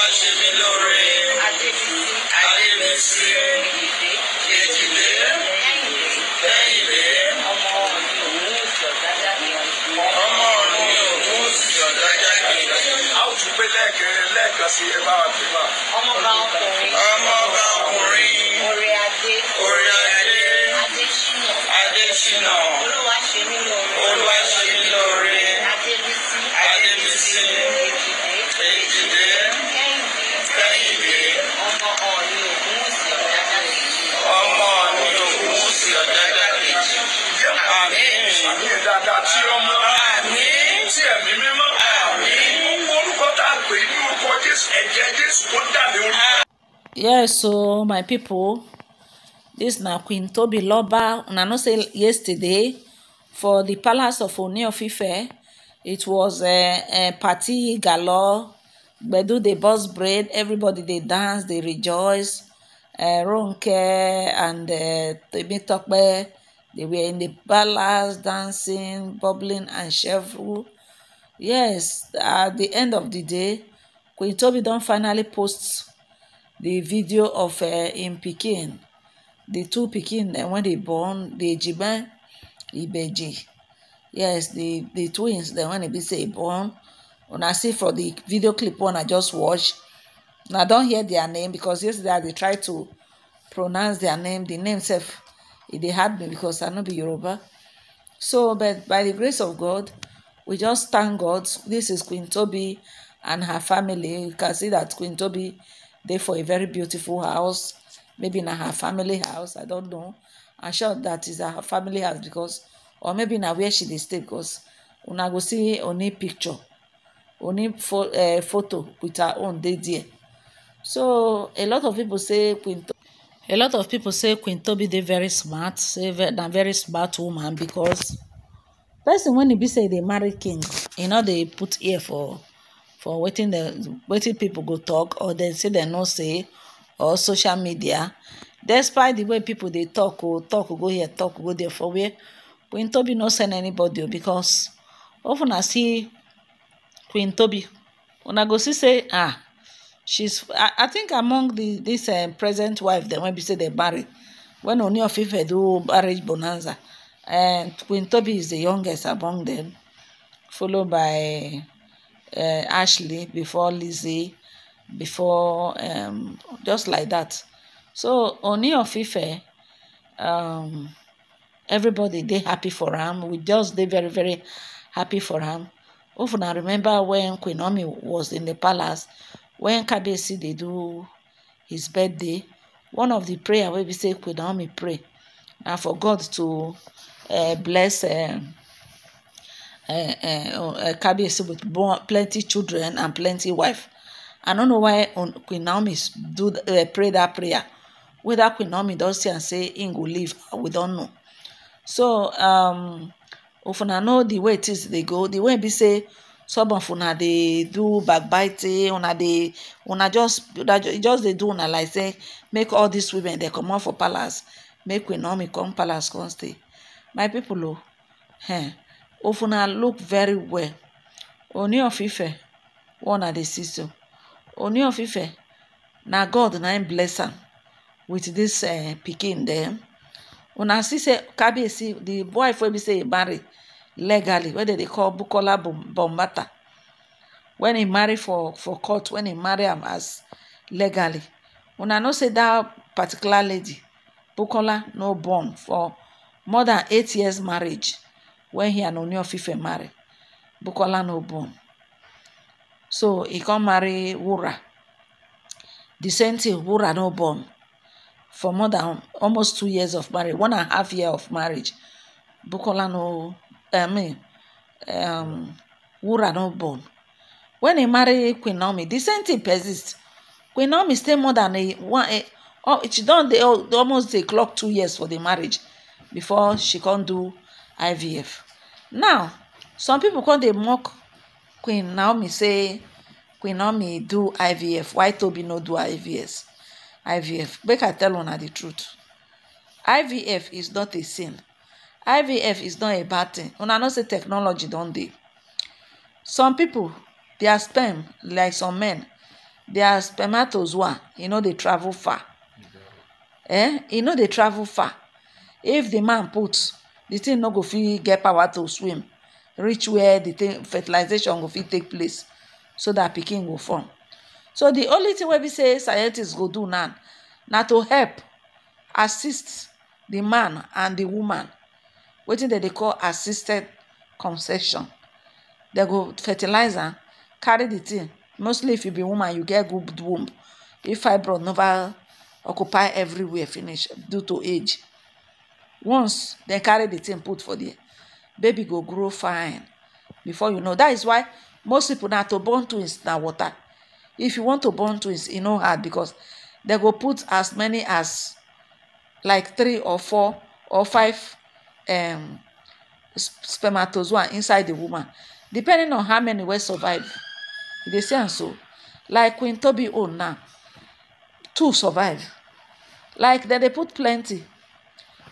wá ṣe mí lóore. Adébísí. Adébísí. Èjìlé. Lẹ́yìnlé. Ọmọ ọ̀nì òun òsì ọ̀dájà ni. Ọmọ ọ̀nì òun òsì ọ̀dájà ni. A ó tún pé lẹ́ẹ̀kan lẹ́ẹ̀kan sí ẹ bá wa fi máa. Ọmọ bá ń kun. Ọmọ bá ń kun. yes so my people, this na queen tobiloba una know say yesterday for the palace of oni of ife it was eh, eh, party galore do dey burst bread. everybody they dance they rejoice eh, ronke and temitope they were in the palace dancing bubbling and cheerful yes at the end of the day queen tobi don finally post the video of eh, im pikin the two pikin dem eh, wen dey born di ejima ibeji yes the the twins dem wen they be say e born. When I see for the video clip one i just watch Now don't hear their name because yesterday they dey try to pronounce their name The name self, e dey hard me because i no be yoruba so but by the grace of god we just thank god This is queen tobi and her family you can see that queen tobi there for a very beautiful house maybe in her family house i don't know i'm sure that is her family house because or maybe na where she dey stay because una go see only picture only fo uh, photo with her own day there so a lot of people say queen a lot of people say queen tobi dey very smart say na very smart woman because person when e be say they dey marry king you e know they put ear for for waiting the waiting people go talk or they say they no say or social media despite the way they talk or oh, talk or go here or go there for where queen Toby no send anybody oh, because often I see queen Toby, when I go see say ah she's i think among dis eh, present wife they wey be say they marry When only of ife do marriage bonanza and eh, queen Toby is the youngest among them, followed by uh, Ashley, before Lizzie, before um, just like that. So Ooni of Ife, um, everybody they happy for him. We just they very very happy for him. Often I remember when Queen Naomi was in the palace, when Kabiyesi they do his birthday, one of the prayer wey be say Queen Naomi pray na for God to uh, bless. Uh, Uh, uh, kabiyesi with plenty children and plenty wife i don't know why queen naomi do eh, pray that prayer whether queen naomi don see and say im go leave we don't know so um of una know di way tins dey go di way be say some of una they do backbiting una they, una just e just they do una like say make all these women they come comot for palace make queen naomi come palace come stay my people, oh, eh if una look very well oni fife. ife wey una dey see so oni of na god na im bless am with this uh, pikin dem una see say kabiyesi the wife wey be say he marry legally wey dem dey call bukola bombata When he marry for for court When he marry am as legally una know say that particular lady bukola no born for more than eight years marriage when he and Onyofife marry. Bukola no born. So he come marry Wura. The same thing, Wura no born. For more than almost two years of marriage, one and a half year of marriage, Bukola no, I mean, um, Wura no born. When he married Queen Naomi, the same thing persists. Queen Naomi stay more than a one. A, oh, she done they almost they clock two years for the marriage before she can do ivf now some pipo come dey mock queen naomi say queen naomi do ivf why Toby no do ivs ivf make i tell una the truth ivf is not a sin ivf is not a bad thing una know say technology don't they? some pipo their sperm like some men their spermatozoa You e know they travel far eh You e know they travel far if the man puts the thing no go fit get power to swim reach where the thing fertilization go fit take place so that pikin go form so the only thing wey be say scientists go do now na to help assist the man and the woman wetin they dey call assisted conception They go fertilize am carry the thing mostly if you be woman you get good womb if fibroid never occupy everywhere finish due to age once dem carry the thing put for the baby go grow fine before you know that is why most people now to born twins now water if you want to born twins you e know hard because they go put as many as like three or four or five um, spermatozoa inside the woman depending on how many will survive you e dey see so like queen Toby own now two survive like then they put plenty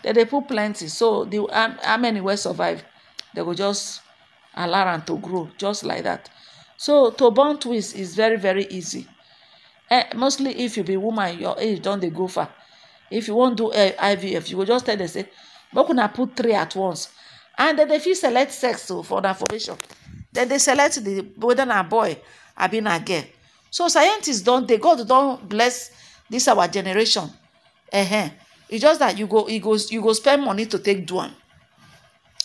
They they put plenty so the how many will survive They will just allow them to grow just like that so to burn twins is very very easy eh, mostly if you be woman your age don't they go far if you won't do eh, ivf you will just tell they say can I put three at once and dem dey select sex so oh, for information Then they select the whether na boy abi na girl so scientists don't they god don't bless this our generation Uh -huh. It's just that you go you go you go spend money to take do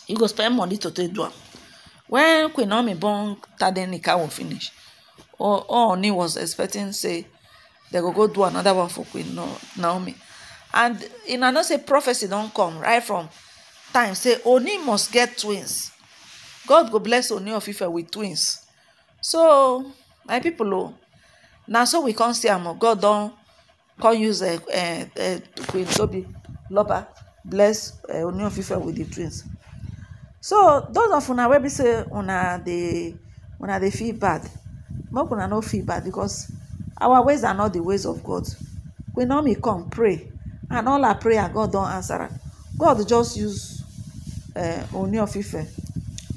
you go spend money to take do when queen naomi born Tadenika tadenikawo finish Oh, Oni was expecting say they go go do another one for queen naomi and una know say prophecy don't come right from time say oni must get twins god go bless oni of ife with twins so my people o na so we come see am god don come use uh, uh, uh, Queen Tobiloba bless uh, Ooni of with the twins so those of una wey be say una dey una dey feel bad make una no feel bad because our ways are not the ways of God Queen Naomi come pray and all our prayer God don't answer God just use uh, Ooni of Ife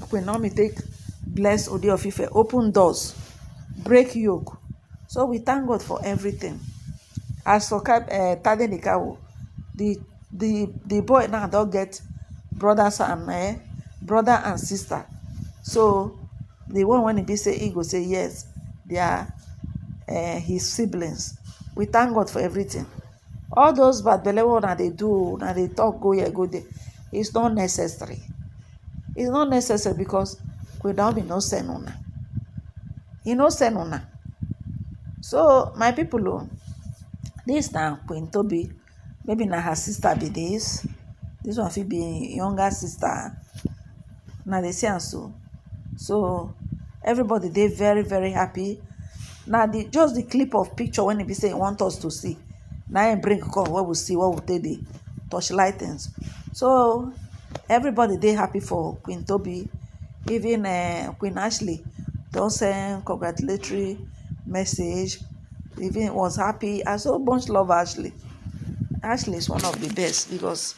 Queen take bless Ooni of open doors break yoke so we thank God for everything as for eh, tade nikawo the the the boy now don get brothers and eh, brother and sister so the one when e be say e go say yes they are uh, his siblings we thank god for everything all those bad belle wey una dey do una dey talk go here go there it's not necessary it's not necessary because we queen naomi no send una he no send una so my people o. Oh, This na Queen Tobi, maybe na her sister be this. This one fit be im younger sister, Na dey see am so. So everybody dey very very happy. Na the just the clip of picture wen e be sey e want us to see na im bring come wey we see wey we take dey torchlight things. So everybody dey happy for Queen Tobi, even um Queen Ashley don send congratulatory message even was happy i so much love ashley ashley is one of the best because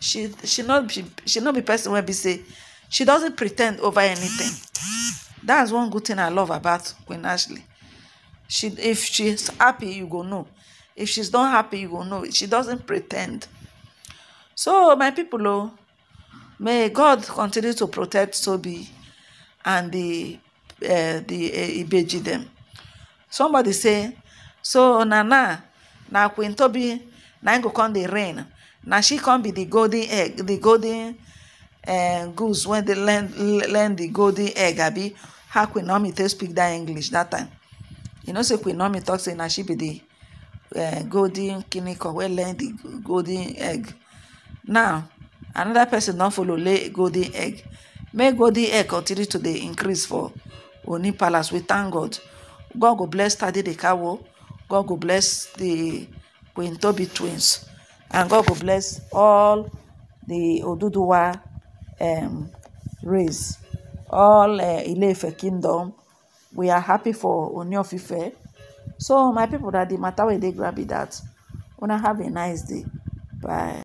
she she not she, she not be person wey be say she doesn't pretend over anything that's one good thing i love about queen ashley she if she's happy you go know if she's not happy you go know she doesn't pretend so my people oh may god continue to protect Sobi and the uh, the uh, ibeji them somebody say so na now na queen tobi na im go come dey reign na she come be the golden egg the golden eh, goose wey dey learn the golden egg abi how queen naomi take speak dat english that time you know say queen naomi tok say na she be di eh, golden kiniko wey learn the golden egg now another person don follow lay golden egg make golden egg continue to dey increase for oni palace we thank god god go bless tade the cow. God will bless the Queen Toby twins. And God will bless all the Oduduwa um, race, all uh, ile kingdom. We are happy for Ooni So, my people, that the matter wey grab be that. Una have a nice day. Bye.